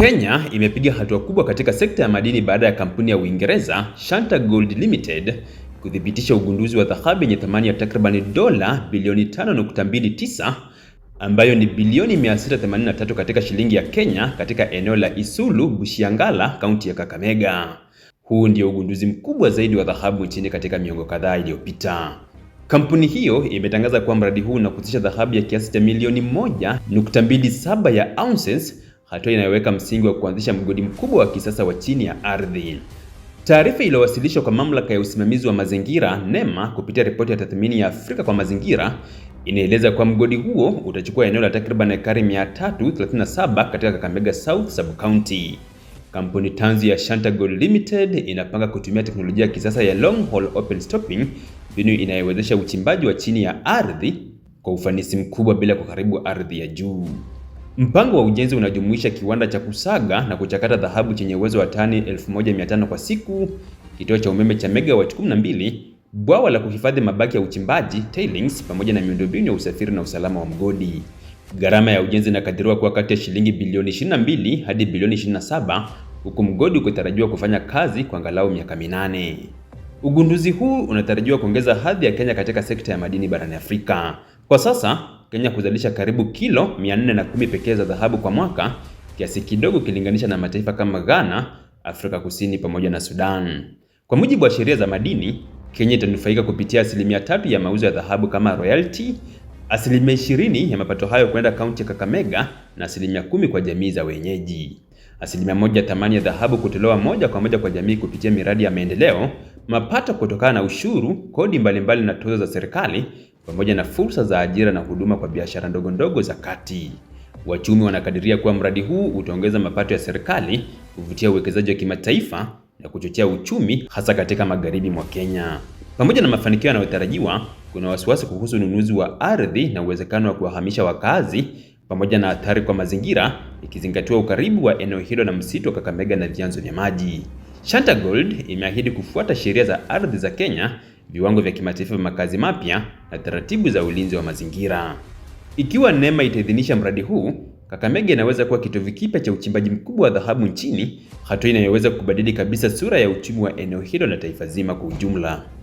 Kenya imepiga hatua kubwa katika sekta ya madini baada ya kampuni ya Uingereza Shanta Gold Limited kuthibitisha ugunduzi wa dhahabu yenye thamani ya takriban dola bilioni 5.29 ambayo ni bilioni 683 katika shilingi ya Kenya katika eneo la Isulu, Bushiangala, kaunti ya Kakamega. Huu ndio ugunduzi mkubwa zaidi wa dhahabu nchini katika miongo kadhaa iliyopita. Kampuni hiyo imetangaza kuwa mradi huu unahusisha dhahabu ya kiasi cha milioni 1.27 ya ounces hatua inayoweka msingi wa kuanzisha mgodi mkubwa wa kisasa wa chini ya ardhi. Taarifa iliyowasilishwa kwa mamlaka ya usimamizi wa mazingira NEMA kupitia ripoti ya tathmini ya Afrika kwa mazingira inaeleza kuwa mgodi huo utachukua eneo la takriban ekari 337 katika Kakamega South Sub-County. Kampuni tanzu ya Shanta Gold Limited inapanga kutumia teknolojia ya kisasa ya long hole open stopping, mbinu inayowezesha uchimbaji wa chini ya ardhi kwa ufanisi mkubwa bila kuharibu ardhi ya juu. Mpango wa ujenzi unajumuisha kiwanda cha kusaga na kuchakata dhahabu chenye uwezo wa tani 1500 kwa siku, kituo cha umeme cha megawati 12, bwawa la kuhifadhi mabaki ya uchimbaji tailings, pamoja na miundombinu ya usafiri na usalama wa mgodi. Gharama ya ujenzi inakadiriwa kuwa kati ya shilingi bilioni 22 hadi bilioni 27, huku mgodi ukitarajiwa kufanya kazi kwa angalau miaka minane. Ugunduzi huu unatarajiwa kuongeza hadhi ya Kenya katika sekta ya madini barani Afrika. Kwa sasa Kenya kuzalisha karibu kilo 410 pekee za dhahabu kwa mwaka, kiasi kidogo kilinganisha na mataifa kama Ghana, Afrika Kusini pamoja na Sudan. Kwa mujibu wa sheria za madini, Kenya itanufaika kupitia asilimia tatu ya mauzo ya dhahabu kama royalty, asilimia ishirini ya mapato hayo kwenda kaunti ya Kakamega na asilimia kumi kwa jamii za wenyeji. Asilimia moja thamani ya dhahabu kutolewa moja kwa moja kwa jamii kupitia miradi ya maendeleo, mapato kutokana na ushuru, kodi mbalimbali mbali na tozo za serikali pamoja na fursa za ajira na huduma kwa biashara ndogo ndogo za kati. Wachumi wanakadiria kuwa mradi huu utaongeza mapato ya serikali, kuvutia uwekezaji wa kimataifa na kuchochea uchumi hasa katika magharibi mwa Kenya. Pamoja na mafanikio yanayotarajiwa, kuna wasiwasi kuhusu ununuzi wa ardhi na uwezekano wa kuwahamisha wakazi pamoja na athari kwa mazingira, ikizingatiwa ukaribu wa eneo hilo na msitu wa Kakamega na vyanzo vya maji. Shanta Gold imeahidi kufuata sheria za ardhi za Kenya viwango vya kimataifa vya makazi mapya na taratibu za ulinzi wa mazingira. Ikiwa NEMA itaidhinisha mradi huu, Kakamega inaweza kuwa kitovu kipya cha uchimbaji mkubwa wa dhahabu nchini, hatua inayoweza kubadili kabisa sura ya uchumi wa eneo hilo na taifa zima kwa ujumla.